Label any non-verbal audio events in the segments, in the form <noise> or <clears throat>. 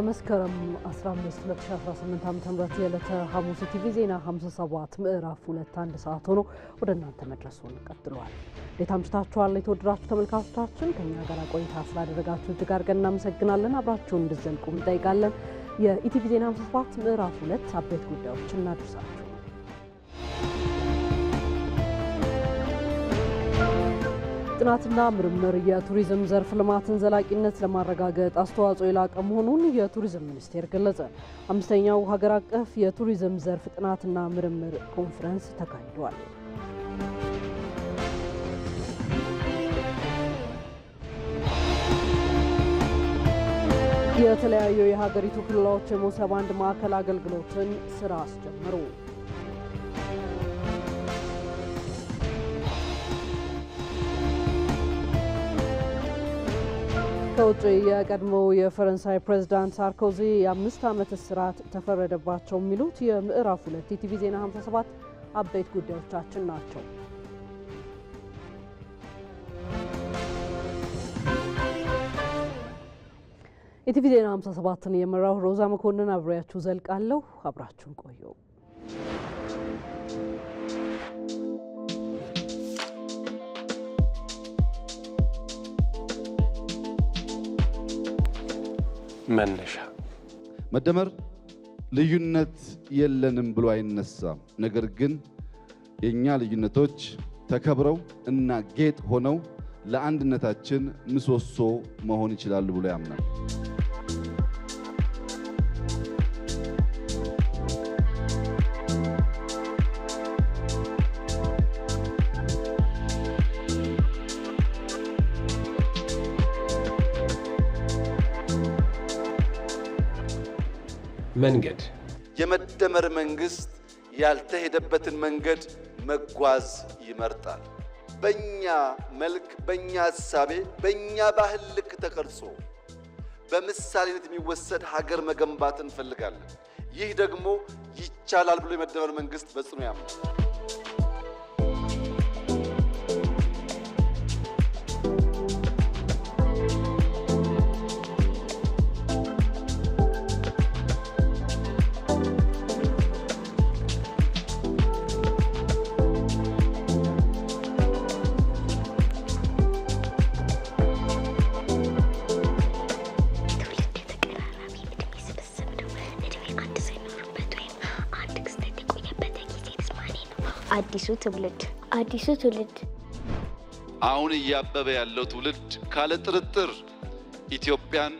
የመስከረም 15 2018 ዓ.ም የዕለተ ሐሙስ ቲቪ ዜና 57 ምዕራፍ 2 አንድ ሰዓት ሆኖ ወደ እናንተ መድረሱን ቀጥሏል። እንዴት አምሽታችኋል? የተወደዳችሁ ተመልካቾቻችን ከኛ ጋር ቆይታ ስላደረጋችሁ እጅግ አድርገን እናመሰግናለን። አብራችሁን እንድዘልቁ እንጠይቃለን። የኢቲቪ ዜና 57 ምዕራፍ 2 አበይት ጉዳዮች እናደርሳችሁ። ጥናትና ምርምር የቱሪዝም ዘርፍ ልማትን ዘላቂነት ለማረጋገጥ አስተዋጽኦ የላቀ መሆኑን የቱሪዝም ሚኒስቴር ገለጸ። አምስተኛው ሀገር አቀፍ የቱሪዝም ዘርፍ ጥናትና ምርምር ኮንፈረንስ ተካሂዷል። የተለያዩ የሀገሪቱ ክልሎች የሞሰብ አንድ ማዕከል አገልግሎትን ስራ አስጀምሩ! ከውጭ የቀድሞ የፈረንሳይ ፕሬዝዳንት ሳርኮዚ የአምስት ዓመት እስራት ተፈረደባቸው የሚሉት የምዕራፍ ሁለት ኢቲቪ ዜና 57 አበይት ጉዳዮቻችን ናቸው። ኢቲቪ ዜና 57ን የመራው ሮዛ መኮንን አብሬያችሁ ዘልቃለሁ። አብራችሁን ቆዩ። መነሻ መደመር ልዩነት የለንም ብሎ አይነሳም። ነገር ግን የእኛ ልዩነቶች ተከብረው እና ጌጥ ሆነው ለአንድነታችን ምሰሶ መሆን ይችላሉ ብሎ ያምናል። መንገድ የመደመር መንግስት ያልተሄደበትን መንገድ መጓዝ ይመርጣል። በእኛ መልክ፣ በእኛ እሳቤ፣ በእኛ ባህል ልክ ተቀርጾ በምሳሌነት የሚወሰድ ሀገር መገንባት እንፈልጋለን። ይህ ደግሞ ይቻላል ብሎ የመደመር መንግስት በጽኑ ያምናል። ትውልድ አዲሱ ትውልድ አሁን እያበበ ያለው ትውልድ ካለ ጥርጥር ኢትዮጵያን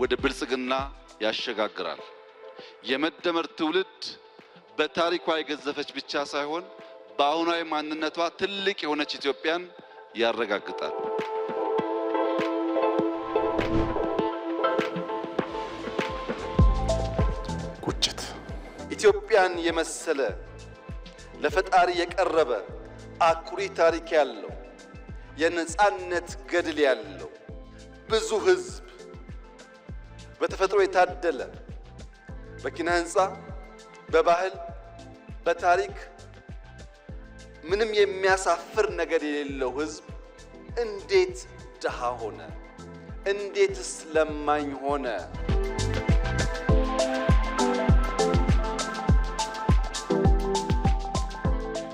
ወደ ብልጽግና ያሸጋግራል። የመደመር ትውልድ በታሪኳ የገዘፈች ብቻ ሳይሆን በአሁናዊ ማንነቷ ትልቅ የሆነች ኢትዮጵያን ያረጋግጣል። ቁጭት ኢትዮጵያን የመሰለ ለፈጣሪ የቀረበ አኩሪ ታሪክ ያለው የነፃነት ገድል ያለው ብዙ ህዝብ በተፈጥሮ የታደለ በኪነ ህንፃ፣ በባህል፣ በታሪክ ምንም የሚያሳፍር ነገር የሌለው ህዝብ እንዴት ድሃ ሆነ? እንዴትስ ለማኝ ሆነ?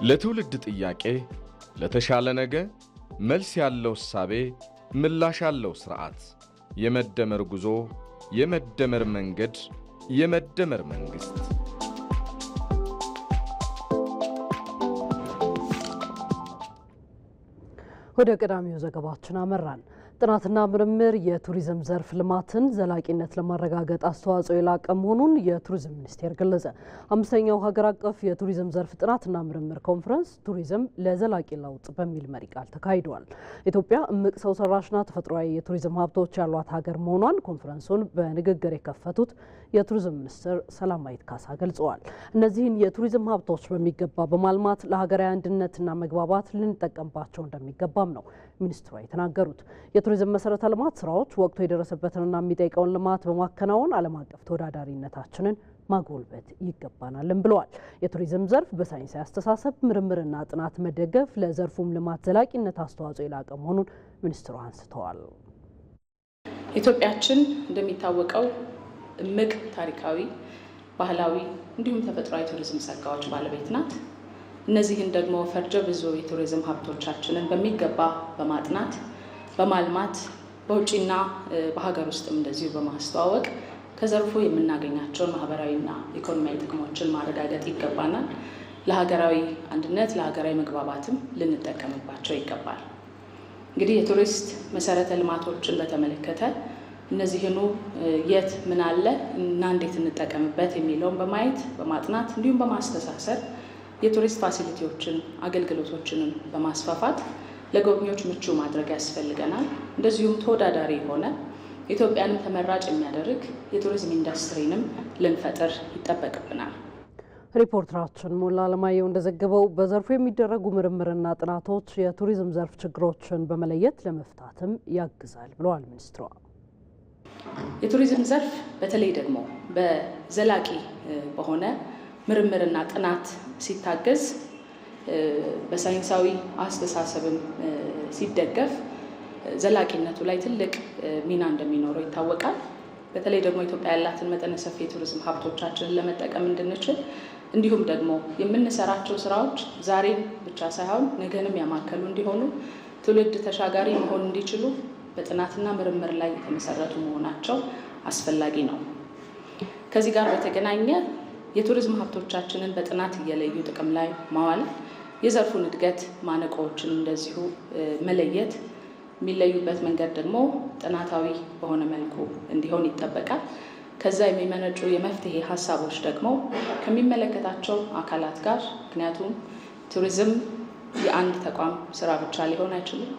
ለትውልድ ጥያቄ ለተሻለ ነገ መልስ ያለው እሳቤ ምላሽ ያለው ስርዓት የመደመር ጉዞ የመደመር መንገድ የመደመር መንግሥት ወደ ቀዳሚው ዘገባችን አመራን። ጥናትና ምርምር የቱሪዝም ዘርፍ ልማትን ዘላቂነት ለማረጋገጥ አስተዋጽኦ የላቀ መሆኑን የቱሪዝም ሚኒስቴር ገለጸ። አምስተኛው ሀገር አቀፍ የቱሪዝም ዘርፍ ጥናትና ምርምር ኮንፈረንስ ቱሪዝም ለዘላቂ ለውጥ በሚል መሪ ቃል ተካሂደዋል። ኢትዮጵያ እምቅ ሰው ሰራሽና ተፈጥሯዊ የቱሪዝም ሀብቶች ያሏት ሀገር መሆኗን ኮንፈረንሱን በንግግር የከፈቱት የቱሪዝም ሚኒስትር ሰላማዊት ካሳ ገልጸዋል። እነዚህን የቱሪዝም ሀብቶች በሚገባ በማልማት ለሀገራዊ አንድነትና መግባባት ልንጠቀምባቸው እንደሚገባም ነው ሚኒስትሯ የተናገሩት። የቱሪዝም መሰረተ ልማት ስራዎች ወቅቱ የደረሰበትንና የሚጠይቀውን ልማት በማከናወን ዓለም አቀፍ ተወዳዳሪነታችንን ማጎልበት ይገባናልም ብለዋል። የቱሪዝም ዘርፍ በሳይንሳዊ አስተሳሰብ ምርምርና ጥናት መደገፍ ለዘርፉም ልማት ዘላቂነት አስተዋጽኦ የላቀ መሆኑን ሚኒስትሩ አንስተዋል። ኢትዮጵያችን እንደሚታወቀው እምቅ ታሪካዊ፣ ባህላዊ እንዲሁም ተፈጥሯዊ ቱሪዝም ጸጋዎች ባለቤት ናት። እነዚህን ደግሞ ፈርጀ ብዙ የቱሪዝም ሀብቶቻችንን በሚገባ በማጥናት በማልማት በውጭና በሀገር ውስጥም እንደዚሁ በማስተዋወቅ ከዘርፉ የምናገኛቸውን ማህበራዊና ኢኮኖሚያዊ ጥቅሞችን ማረጋገጥ ይገባናል። ለሀገራዊ አንድነት ለሀገራዊ መግባባትም ልንጠቀምባቸው ይገባል። እንግዲህ የቱሪስት መሰረተ ልማቶችን በተመለከተ እነዚህኑ የት ምን አለ እና እንዴት እንጠቀምበት የሚለውን በማየት በማጥናት እንዲሁም በማስተሳሰር የቱሪስት ፋሲሊቲዎችን አገልግሎቶችንም በማስፋፋት ለጎብኚዎች ምቹ ማድረግ ያስፈልገናል። እንደዚሁም ተወዳዳሪ የሆነ ኢትዮጵያንም ተመራጭ የሚያደርግ የቱሪዝም ኢንዱስትሪንም ልንፈጥር ይጠበቅብናል። ሪፖርተራችን ሞላ አለማየሁ እንደዘገበው በዘርፉ የሚደረጉ ምርምርና ጥናቶች የቱሪዝም ዘርፍ ችግሮችን በመለየት ለመፍታትም ያግዛል ብለዋል ሚኒስትሯ። የቱሪዝም ዘርፍ በተለይ ደግሞ በዘላቂ በሆነ ምርምርና ጥናት ሲታገዝ በሳይንሳዊ አስተሳሰብም ሲደገፍ ዘላቂነቱ ላይ ትልቅ ሚና እንደሚኖረው ይታወቃል። በተለይ ደግሞ ኢትዮጵያ ያላትን መጠነ ሰፊ የቱሪዝም ሀብቶቻችንን ለመጠቀም እንድንችል እንዲሁም ደግሞ የምንሰራቸው ስራዎች ዛሬን ብቻ ሳይሆን ነገንም ያማከሉ እንዲሆኑ ትውልድ ተሻጋሪ መሆን እንዲችሉ በጥናትና ምርምር ላይ የተመሰረቱ መሆናቸው አስፈላጊ ነው። ከዚህ ጋር በተገናኘ የቱሪዝም ሀብቶቻችንን በጥናት እየለዩ ጥቅም ላይ ማዋል፣ የዘርፉን እድገት ማነቆዎችን እንደዚሁ መለየት፣ የሚለዩበት መንገድ ደግሞ ጥናታዊ በሆነ መልኩ እንዲሆን ይጠበቃል። ከዛ የሚመነጩ የመፍትሄ ሀሳቦች ደግሞ ከሚመለከታቸው አካላት ጋር ምክንያቱም ቱሪዝም የአንድ ተቋም ስራ ብቻ ሊሆን አይችልም።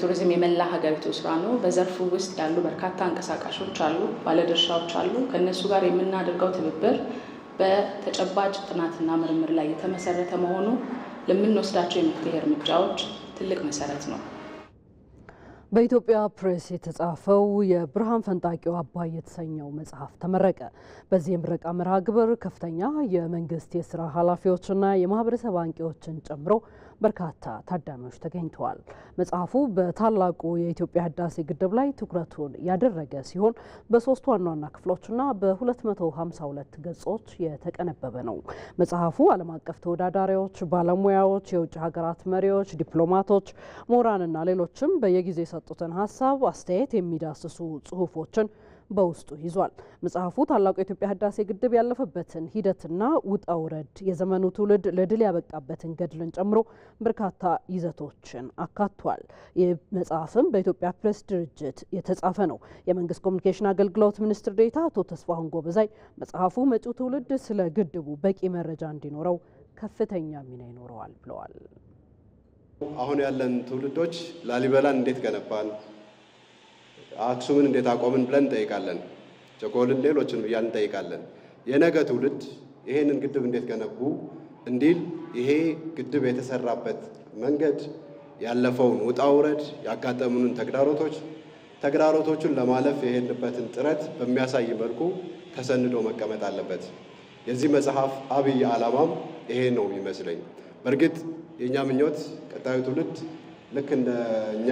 ቱሪዝም የመላ ሀገሪቱ ስራ ነው። በዘርፉ ውስጥ ያሉ በርካታ አንቀሳቃሾች አሉ፣ ባለድርሻዎች አሉ። ከእነሱ ጋር የምናደርገው ትብብር በተጨባጭ ጥናትና ምርምር ላይ የተመሰረተ መሆኑ ለምንወስዳቸው የመፍትሄ እርምጃዎች ትልቅ መሰረት ነው። በኢትዮጵያ ፕሬስ የተጻፈው የብርሃን ፈንጣቂው አባይ የተሰኘው መጽሐፍ ተመረቀ። በዚህ የምረቃ መርሃ ግብር ከፍተኛ የመንግስት የስራ ኃላፊዎችና የማህበረሰብ አንቂዎችን ጨምሮ በርካታ ታዳሚዎች ተገኝተዋል። መጽሐፉ በታላቁ የኢትዮጵያ ህዳሴ ግድብ ላይ ትኩረቱን ያደረገ ሲሆን በሶስት ዋና ዋና ክፍሎችና በ252 ገጾች የተቀነበበ ነው። መጽሐፉ ዓለም አቀፍ ተወዳዳሪዎች፣ ባለሙያዎች፣ የውጭ ሀገራት መሪዎች፣ ዲፕሎማቶች፣ ምሁራንና ሌሎችም በየጊዜ የሰጡትን ሀሳብ አስተያየት የሚዳስሱ ጽሁፎችን በውስጡ ይዟል። መጽሐፉ ታላቁ የኢትዮጵያ ህዳሴ ግድብ ያለፈበትን ሂደትና ውጣውረድ የዘመኑ ትውልድ ለድል ያበቃበትን ገድልን ጨምሮ በርካታ ይዘቶችን አካቷል። ይህ መጽሐፍም በኢትዮጵያ ፕሬስ ድርጅት የተጻፈ ነው። የመንግስት ኮሚኒኬሽን አገልግሎት ሚኒስትር ዴታ አቶ ተስፋሁን ጎበዛይ መጽሐፉ መጪው ትውልድ ስለ ግድቡ በቂ መረጃ እንዲኖረው ከፍተኛ ሚና ይኖረዋል ብለዋል። አሁን ያለን ትውልዶች ላሊበላን እንዴት ገነባን አክሱምን እንዴት አቆምን ብለን እንጠይቃለን። ቸኮልን ሌሎችን እያልን እንጠይቃለን። የነገ ትውልድ ይሄንን ግድብ እንዴት ገነቡ እንዲል ይሄ ግድብ የተሰራበት መንገድ ያለፈውን ውጣ ውረድ፣ ያጋጠሙንን ተግዳሮቶች ተግዳሮቶቹን ለማለፍ የሄድንበትን ጥረት በሚያሳይ መልኩ ተሰንዶ መቀመጥ አለበት። የዚህ መጽሐፍ አብይ ዓላማም ይሄ ነው የሚመስለኝ። በእርግጥ የእኛ ምኞት ቀጣዩ ትውልድ ልክ እንደ እኛ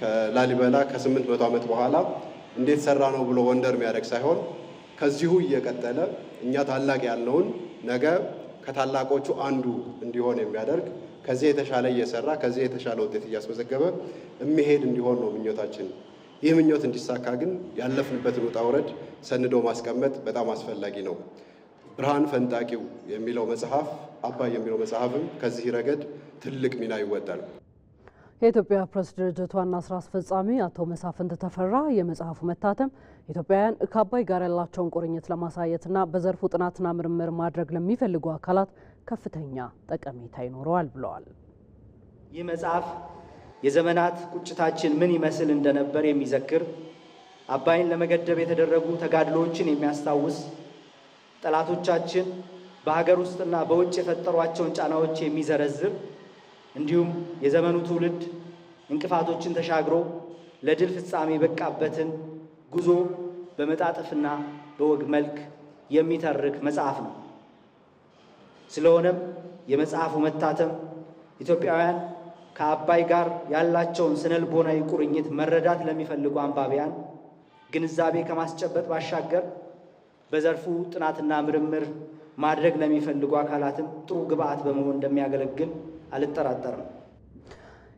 ከላሊበላ ከስምንት መቶ ዓመት በኋላ እንዴት ሰራ ነው ብሎ ወንደር የሚያደርግ ሳይሆን ከዚሁ እየቀጠለ እኛ ታላቅ ያልነውን ነገ ከታላቆቹ አንዱ እንዲሆን የሚያደርግ ከዚህ የተሻለ እየሰራ ከዚህ የተሻለ ውጤት እያስመዘገበ የሚሄድ እንዲሆን ነው ምኞታችን። ይህ ምኞት እንዲሳካ ግን ያለፍንበትን ውጣ ውረድ ሰንዶ ማስቀመጥ በጣም አስፈላጊ ነው። ብርሃን ፈንጣቂው የሚለው መጽሐፍ አባይ የሚለው መጽሐፍም ከዚህ ረገድ ትልቅ ሚና ይወጣል። የኢትዮጵያ ፕሬስ ድርጅት ዋና ስራ አስፈጻሚ አቶ መሳፍንት ተፈራ የመጽሐፉ መታተም ኢትዮጵያውያን ከአባይ ጋር ያላቸውን ቁርኝት ለማሳየትና በዘርፉ ጥናትና ምርምር ማድረግ ለሚፈልጉ አካላት ከፍተኛ ጠቀሜታ ይኖረዋል ብለዋል። ይህ መጽሐፍ የዘመናት ቁጭታችን ምን ይመስል እንደነበር የሚዘክር አባይን ለመገደብ የተደረጉ ተጋድሎዎችን የሚያስታውስ ጠላቶቻችን በሀገር ውስጥና በውጭ የፈጠሯቸውን ጫናዎች የሚዘረዝር እንዲሁም የዘመኑ ትውልድ እንቅፋቶችን ተሻግሮ ለድል ፍጻሜ የበቃበትን ጉዞ በመጣጥፍና በወግ መልክ የሚተርክ መጽሐፍ ነው። ስለሆነም የመጽሐፉ መታተም ኢትዮጵያውያን ከአባይ ጋር ያላቸውን ስነልቦናዊ ቁርኝት መረዳት ለሚፈልጉ አንባቢያን ግንዛቤ ከማስጨበጥ ባሻገር በዘርፉ ጥናትና ምርምር ማድረግ ለሚፈልጉ አካላትም ጥሩ ግብዓት በመሆን እንደሚያገለግል አልጠራጠርም።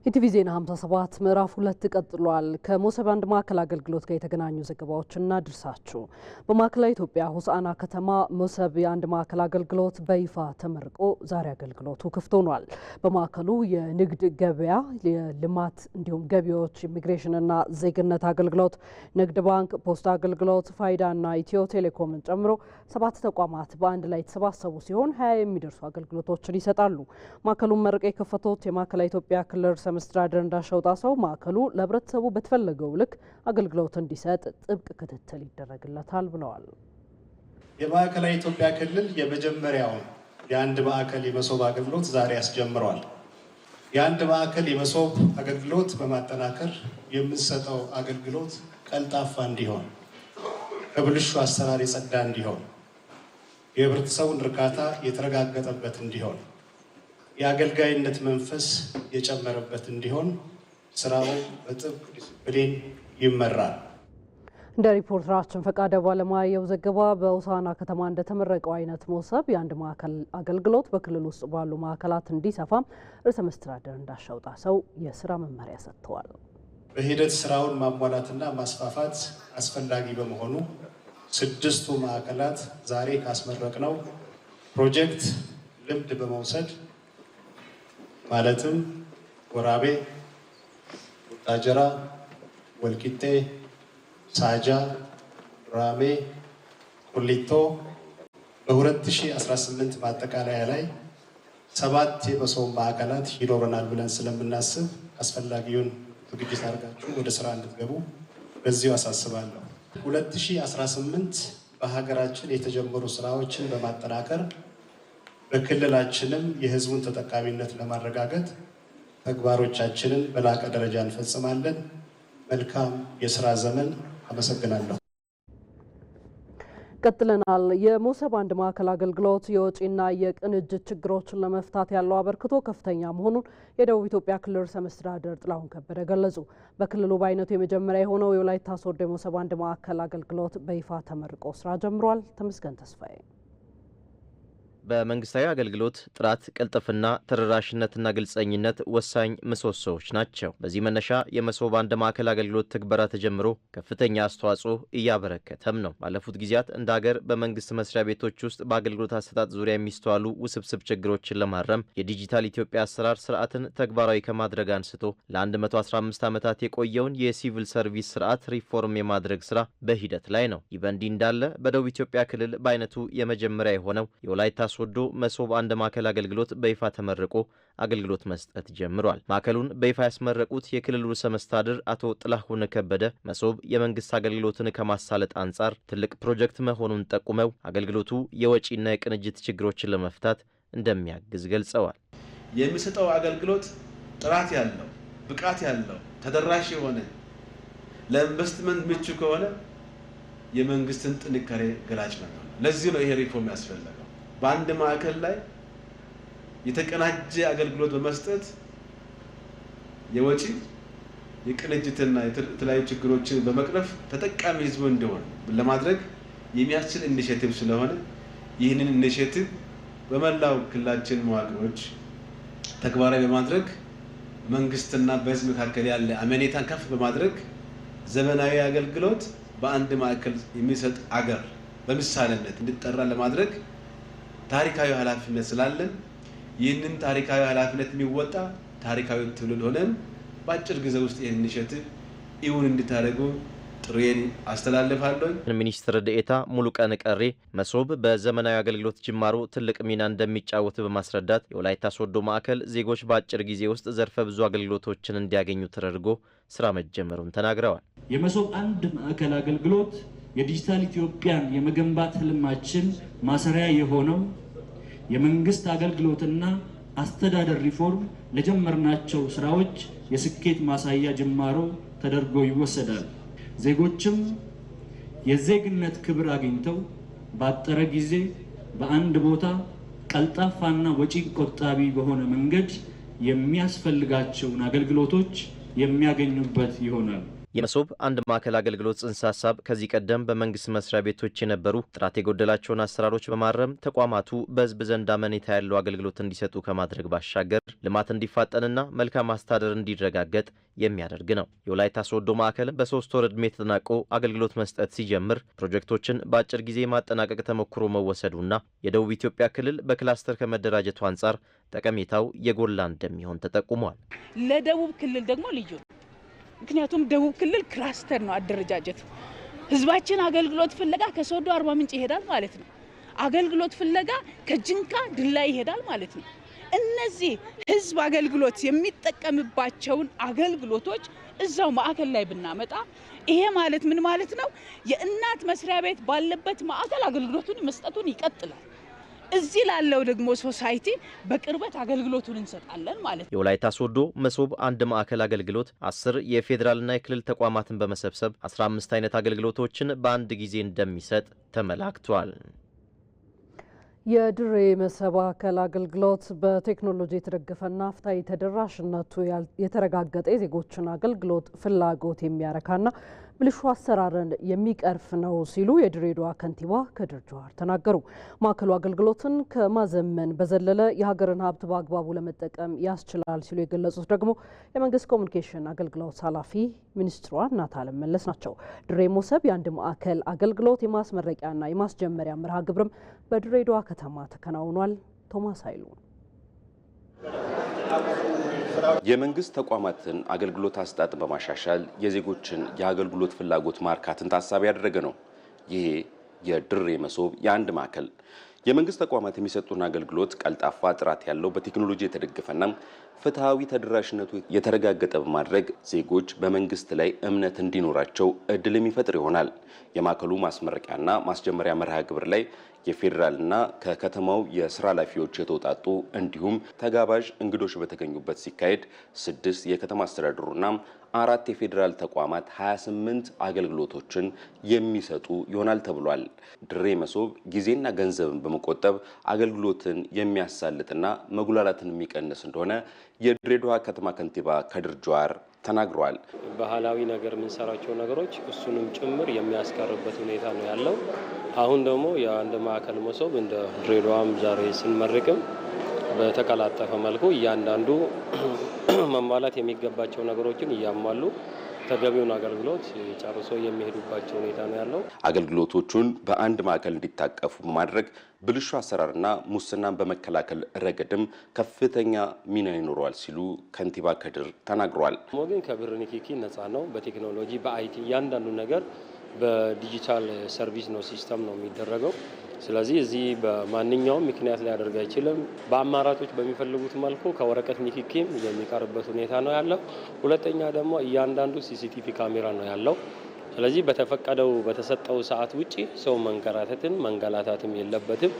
ኢቲቪ ዜና 57 ምዕራፍ ሁለት ቀጥሏል። ከሞሰብ አንድ ማዕከል አገልግሎት ጋር የተገናኙ ዘገባዎችና ድርሳችሁ በማዕከላዊ ኢትዮጵያ ሆሳዕና ከተማ ሞሰብ የአንድ ማዕከል አገልግሎት በይፋ ተመርቆ ዛሬ አገልግሎቱ ክፍት ሆኗል። በማዕከሉ የንግድ ገበያ፣ የልማት እንዲሁም ገቢዎች፣ ኢሚግሬሽንና ዜግነት አገልግሎት፣ ንግድ ባንክ፣ ፖስታ አገልግሎት፣ ፋይዳና ኢትዮ ቴሌኮምን ጨምሮ ሰባት ተቋማት በአንድ ላይ የተሰባሰቡ ሲሆን ሀያ የሚደርሱ አገልግሎቶችን ይሰጣሉ። ማዕከሉን መርቀው የከፈቱት የማዕከላዊ ኢትዮጵያ ክልል ርዕሰ መስተዳደር እንዳሻው ጣሰው ማዕከሉ ለህብረተሰቡ በተፈለገው ልክ አገልግሎት እንዲሰጥ ጥብቅ ክትትል ይደረግለታል ብለዋል። የማዕከላዊ ኢትዮጵያ ክልል የመጀመሪያውን የአንድ ማዕከል የመሶብ አገልግሎት ዛሬ ያስጀምረዋል። የአንድ ማዕከል የመሶብ አገልግሎት በማጠናከር የምንሰጠው አገልግሎት ቀልጣፋ እንዲሆን፣ ከብልሹ አሰራር የጸዳ እንዲሆን፣ የህብረተሰቡን እርካታ የተረጋገጠበት እንዲሆን የአገልጋይነት መንፈስ የጨመረበት እንዲሆን ስራው በጥብቅ ዲስፕሊን ይመራል። እንደ ሪፖርተራችን ፈቃደ ባለማየሁ ዘገባ በውሳና ከተማ እንደተመረቀው አይነት መሶብ የአንድ ማዕከል አገልግሎት በክልል ውስጥ ባሉ ማዕከላት እንዲሰፋም ርዕሰ መስተዳደር እንዳሻው ጣሰው የስራ መመሪያ ሰጥተዋል። በሂደት ስራውን ማሟላትና ማስፋፋት አስፈላጊ በመሆኑ ስድስቱ ማዕከላት ዛሬ ካስመረቅነው ፕሮጀክት ልምድ በመውሰድ ማለትም ወራቤ፣ ቡታጀራ፣ ወልቂጤ፣ ሳጃ፣ ራሜ፣ ቁሊቶ በ2018 ማጠቃለያ ላይ ሰባት የበሰው ማዕከላት ይኖረናል ብለን ስለምናስብ አስፈላጊውን ዝግጅት አድርጋችሁ ወደ ስራ እንድትገቡ በዚሁ አሳስባለሁ። 2018 በሀገራችን የተጀመሩ ስራዎችን በማጠናከር በክልላችንም የህዝቡን ተጠቃሚነት ለማረጋገጥ ተግባሮቻችንን በላቀ ደረጃ እንፈጽማለን። መልካም የስራ ዘመን። አመሰግናለሁ። ቀጥለናል። የሞሰብ አንድ ማዕከል አገልግሎት የወጪና የቅንጅት ችግሮችን ለመፍታት ያለው አበርክቶ ከፍተኛ መሆኑን የደቡብ ኢትዮጵያ ክልል ርዕሰ መስተዳድር ጥላሁን ከበደ ገለጹ። በክልሉ በአይነቱ የመጀመሪያ የሆነው የወላይታ ሶዶ የሞሰብ አንድ ማዕከል አገልግሎት በይፋ ተመርቆ ስራ ጀምሯል። ተመስገን ተስፋዬ በመንግስታዊ አገልግሎት ጥራት፣ ቅልጥፍና፣ ተደራሽነትና ግልጸኝነት ወሳኝ ምሰሶዎች ናቸው። በዚህ መነሻ የመሶብ አንድ ማዕከል አገልግሎት ትግበራ ተጀምሮ ከፍተኛ አስተዋጽኦ እያበረከተም ነው። ባለፉት ጊዜያት እንደ ሀገር በመንግስት መስሪያ ቤቶች ውስጥ በአገልግሎት አሰጣጥ ዙሪያ የሚስተዋሉ ውስብስብ ችግሮችን ለማረም የዲጂታል ኢትዮጵያ አሰራር ስርዓትን ተግባራዊ ከማድረግ አንስቶ ለ115 ዓመታት የቆየውን የሲቪል ሰርቪስ ስርዓት ሪፎርም የማድረግ ስራ በሂደት ላይ ነው። ይህ በእንዲህ እንዳለ በደቡብ ኢትዮጵያ ክልል በአይነቱ የመጀመሪያ የሆነው የወላይታ ሶዶ መሶብ አንድ ማዕከል አገልግሎት በይፋ ተመርቆ አገልግሎት መስጠት ጀምሯል። ማዕከሉን በይፋ ያስመረቁት የክልሉ ርዕሰ መስተዳድር አቶ ጥላሁን ከበደ መሶብ የመንግስት አገልግሎትን ከማሳለጥ አንጻር ትልቅ ፕሮጀክት መሆኑን ጠቁመው አገልግሎቱ የወጪና የቅንጅት ችግሮችን ለመፍታት እንደሚያግዝ ገልጸዋል። የሚሰጠው አገልግሎት ጥራት ያለው፣ ብቃት ያለው፣ ተደራሽ የሆነ ለኢንቨስትመንት ምቹ ከሆነ የመንግስትን ጥንካሬ ገላጭ ነው። ለዚህ ነው ይሄ ሪፎርም ያስፈልጋል። በአንድ ማዕከል ላይ የተቀናጀ አገልግሎት በመስጠት የወጪ የቅንጅትና የተለያዩ ችግሮችን በመቅረፍ ተጠቃሚ ህዝቡ እንደሆነ ለማድረግ የሚያስችል ኢኒሽቲቭ ስለሆነ ይህንን ኢኒሽቲቭ በመላው ክልላችን መዋቅሮች ተግባራዊ በማድረግ መንግስትና በህዝብ መካከል ያለ አመኔታን ከፍ በማድረግ ዘመናዊ አገልግሎት በአንድ ማዕከል የሚሰጥ አገር በምሳሌነት እንዲጠራ ለማድረግ ታሪካዊ ኃላፊነት ስላለን ይህንን ታሪካዊ ኃላፊነት የሚወጣ ታሪካዊ ትውልድ ሆነን በአጭር ጊዜ ውስጥ ይህን ሸት ይሁን እንድታደርጉ ጥሬን አስተላልፋለሁ። ሚኒስትር ደኤታ ሙሉቀን ቀሬ መሶብ በዘመናዊ አገልግሎት ጅማሮ ትልቅ ሚና እንደሚጫወት በማስረዳት የወላይታ ሶዶ ማዕከል ዜጎች በአጭር ጊዜ ውስጥ ዘርፈ ብዙ አገልግሎቶችን እንዲያገኙ ተደርጎ ስራ መጀመሩን ተናግረዋል። የመሶብ አንድ ማዕከል አገልግሎት የዲጂታል ኢትዮጵያን የመገንባት ህልማችን ማሰሪያ የሆነው የመንግስት አገልግሎትና አስተዳደር ሪፎርም ለጀመርናቸው ስራዎች የስኬት ማሳያ ጅማሮ ተደርጎ ይወሰዳል። ዜጎችም የዜግነት ክብር አግኝተው ባጠረ ጊዜ በአንድ ቦታ ቀልጣፋና ወጪ ቆጣቢ በሆነ መንገድ የሚያስፈልጋቸውን አገልግሎቶች የሚያገኙበት ይሆናል። የመሶብ አንድ ማዕከል አገልግሎት ጽንሰ ሀሳብ ከዚህ ቀደም በመንግስት መስሪያ ቤቶች የነበሩ ጥራት የጎደላቸውን አሰራሮች በማረም ተቋማቱ በህዝብ ዘንድ አመኔታ ያለው አገልግሎት እንዲሰጡ ከማድረግ ባሻገር ልማት እንዲፋጠንና መልካም አስተዳደር እንዲረጋገጥ የሚያደርግ ነው። የወላይታ ሶዶ ማዕከል በሶስት ወር ዕድሜ ተጠናቆ አገልግሎት መስጠት ሲጀምር ፕሮጀክቶችን በአጭር ጊዜ ማጠናቀቅ ተሞክሮ መወሰዱና የደቡብ ኢትዮጵያ ክልል በክላስተር ከመደራጀቱ አንጻር ጠቀሜታው የጎላ እንደሚሆን ተጠቁሟል። ለደቡብ ክልል ደግሞ ልዩ ምክንያቱም ደቡብ ክልል ክላስተር ነው አደረጃጀቱ። ህዝባችን አገልግሎት ፍለጋ ከሶዶ አርባ ምንጭ ይሄዳል ማለት ነው። አገልግሎት ፍለጋ ከጅንካ ድላ ይሄዳል ማለት ነው። እነዚህ ህዝብ አገልግሎት የሚጠቀምባቸውን አገልግሎቶች እዛው ማዕከል ላይ ብናመጣ ይሄ ማለት ምን ማለት ነው? የእናት መስሪያ ቤት ባለበት ማዕከል አገልግሎቱን መስጠቱን ይቀጥላል። እዚህ ላለው ደግሞ ሶሳይቲ በቅርበት አገልግሎቱን እንሰጣለን ማለት ነው። የወላይታ ሶዶ መሶብ አንድ ማዕከል አገልግሎት አስር የፌዴራልና የክልል ተቋማትን በመሰብሰብ 15 አይነት አገልግሎቶችን በአንድ ጊዜ እንደሚሰጥ ተመላክቷል። የድሬ መሰባከል አገልግሎት በቴክኖሎጂ የተደገፈና ፍትሐዊ ተደራሽነቱ የተረጋገጠ የዜጎችን አገልግሎት ፍላጎት የሚያረካና ብልሹ አሰራርን የሚቀርፍ ነው ሲሉ የድሬዳዋ ከንቲባ ከድር ጁሃር ተናገሩ። ማዕከሉ አገልግሎትን ከማዘመን በዘለለ የሀገርን ሀብት በአግባቡ ለመጠቀም ያስችላል ሲሉ የገለጹት ደግሞ የመንግስት ኮሚኒኬሽን አገልግሎት ኃላፊ ሚኒስትሯ እናት አለም መለስ ናቸው። ድሬ ሞሰብ የአንድ ማዕከል አገልግሎት የማስመረቂያና የማስጀመሪያ መርሃ ግብርም በድሬዳዋ ከተማ ተከናውኗል። ቶማስ ኃይሉ የመንግስት ተቋማትን አገልግሎት አሰጣጥን በማሻሻል የዜጎችን የአገልግሎት ፍላጎት ማርካትን ታሳቢ ያደረገ ነው። ይሄ የድሬ መሶብ የአንድ ማዕከል የመንግስት ተቋማት የሚሰጡን አገልግሎት ቀልጣፋ፣ ጥራት ያለው በቴክኖሎጂ የተደገፈና ፍትሐዊ ተደራሽነቱ የተረጋገጠ በማድረግ ዜጎች በመንግስት ላይ እምነት እንዲኖራቸው እድል የሚፈጥር ይሆናል። የማዕከሉ ማስመረቂያና ማስጀመሪያ መርሃ ግብር ላይ የፌዴራልና ከከተማው የስራ ኃላፊዎች የተውጣጡ እንዲሁም ተጋባዥ እንግዶች በተገኙበት ሲካሄድ ስድስት የከተማ አስተዳደሩና አራት የፌዴራል ተቋማት 28 አገልግሎቶችን የሚሰጡ ይሆናል ተብሏል። ድሬ መሶብ ጊዜና ገንዘብን በመቆጠብ አገልግሎትን የሚያሳልጥና መጉላላትን የሚቀንስ እንደሆነ የድሬዳዋ ከተማ ከንቲባ ከድር ጁሃር ተናግረዋል። ባህላዊ ነገር የምንሰራቸው ነገሮች እሱንም ጭምር የሚያስቀርበት ሁኔታ ነው ያለው። አሁን ደግሞ የአንድ ማዕከል መሶብ እንደ ድሬዳዋም ዛሬ ስንመርቅም በተቀላጠፈ መልኩ እያንዳንዱ <clears throat> መሟላት የሚገባቸው ነገሮችን እያሟሉ ተገቢውን አገልግሎት ጨርሶ የሚሄዱባቸው ሁኔታ ነው ያለው። አገልግሎቶቹን በአንድ ማዕከል እንዲታቀፉ በማድረግ ብልሹ አሰራርና ሙስናን በመከላከል ረገድም ከፍተኛ ሚና ይኖረዋል ሲሉ ከንቲባ ከድር ተናግረዋል። ግን ከብር ንኪኪ ነፃ ነው። በቴክኖሎጂ በአይቲ እያንዳንዱ ነገር በዲጂታል ሰርቪስ ነው ሲስተም ነው የሚደረገው። ስለዚህ እዚህ በማንኛውም ምክንያት ሊያደርግ አይችልም። በአማራጮች በሚፈልጉት መልኩ ከወረቀት ንክኪም የሚቀርበት ሁኔታ ነው ያለው። ሁለተኛ ደግሞ እያንዳንዱ ሲሲቲቪ ካሜራ ነው ያለው። ስለዚህ በተፈቀደው በተሰጠው ሰዓት ውጪ ሰው መንከራተትን መንገላታትም የለበትም።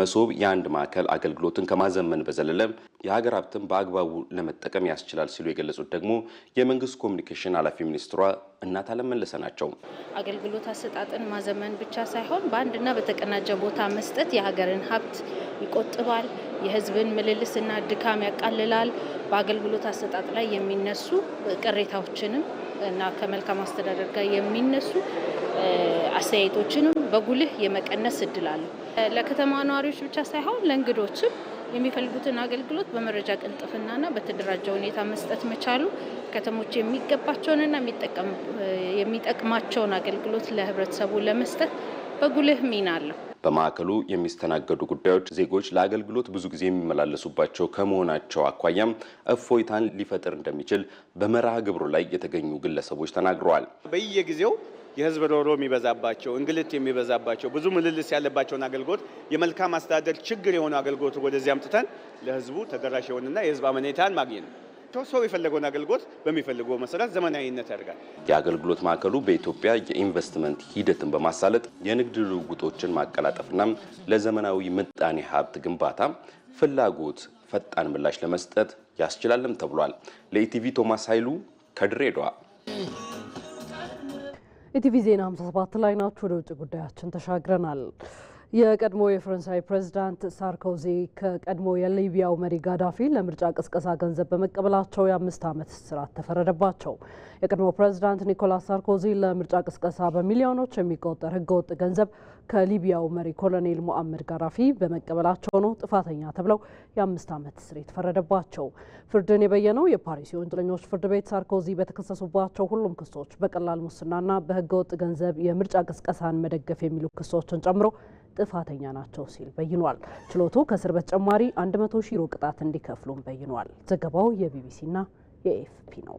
መሶብ የአንድ ማዕከል አገልግሎትን ከማዘመን በዘለለ የሀገር ሀብትን በአግባቡ ለመጠቀም ያስችላል ሲሉ የገለጹት ደግሞ የመንግስት ኮሚኒኬሽን ኃላፊ ሚኒስትሯ እናት አለመለሰ ናቸው። አገልግሎት አሰጣጥን ማዘመን ብቻ ሳይሆን በአንድና በተቀናጀ ቦታ መስጠት የሀገርን ሀብት ይቆጥባል፣ የህዝብን ምልልስና ድካም ያቃልላል፣ በአገልግሎት አሰጣጥ ላይ የሚነሱ ቅሬታዎችንም እና ከመልካም አስተዳደር ጋር የሚነሱ አስተያየቶችንም በጉልህ የመቀነስ እድል አለው። ለከተማ ነዋሪዎች ብቻ ሳይሆን ለእንግዶችም የሚፈልጉትን አገልግሎት በመረጃ ቅልጥፍናና በተደራጀ ሁኔታ መስጠት መቻሉ ከተሞች የሚገባቸውንና የሚጠቅማቸውን አገልግሎት ለህብረተሰቡ ለመስጠት በጉልህ ሚና አለው። በማዕከሉ የሚስተናገዱ ጉዳዮች ዜጎች ለአገልግሎት ብዙ ጊዜ የሚመላለሱባቸው ከመሆናቸው አኳያም እፎይታን ሊፈጥር እንደሚችል በመርሃ ግብሩ ላይ የተገኙ ግለሰቦች ተናግረዋል። በየጊዜው የህዝብ ሮሮ የሚበዛባቸው እንግልት የሚበዛባቸው ብዙ ምልልስ ያለባቸውን አገልግሎት የመልካም አስተዳደር ችግር የሆኑ አገልግሎት ወደዚህ አምጥተን ለህዝቡ ተደራሽ የሆንና የህዝብ አመኔታን ማግኘት ነው። ሰው የፈለገውን አገልግሎት በሚፈልገው መሰረት ዘመናዊነት ያደርጋል። የአገልግሎት ማዕከሉ በኢትዮጵያ የኢንቨስትመንት ሂደትን በማሳለጥ የንግድ ልውውጦችን ማቀላጠፍና ለዘመናዊ ምጣኔ ሀብት ግንባታ ፍላጎት ፈጣን ምላሽ ለመስጠት ያስችላልም ተብሏል። ለኢቲቪ ቶማስ ኃይሉ ከድሬዳዋ የቲቪ ዜና 57 ላይ ናችሁ። ወደ ውጭ ጉዳያችን ተሻግረናል። የቀድሞ የፈረንሳይ ፕሬዝዳንት ሳርኮዚ ከቀድሞ የሊቢያው መሪ ጋዳፊ ለምርጫ ቅስቀሳ ገንዘብ በመቀበላቸው የአምስት ዓመት እስራት ተፈረደባቸው። የቀድሞ ፕሬዝዳንት ኒኮላስ ሳርኮዚ ለምርጫ ቅስቀሳ በሚሊዮኖች የሚቆጠር ህገወጥ ገንዘብ ከሊቢያው መሪ ኮሎኔል ሞአመድ ጋዳፊ በመቀበላቸው ነው ጥፋተኛ ተብለው የአምስት ዓመት እስር የተፈረደባቸው። ፍርድን የበየነው የፓሪስ የወንጀለኞች ፍርድ ቤት ሳርኮዚ በተከሰሱባቸው ሁሉም ክሶች በቀላል ሙስናና በህገወጥ ገንዘብ የምርጫ ቅስቀሳን መደገፍ የሚሉ ክሶችን ጨምሮ ጥፋተኛ ናቸው ሲል በይኗል። ችሎቱ ከእስር በተጨማሪ 100 ሺህ ዩሮ ቅጣት እንዲከፍሉም በይኗል። ዘገባው የቢቢሲና የኤፍፒ ነው።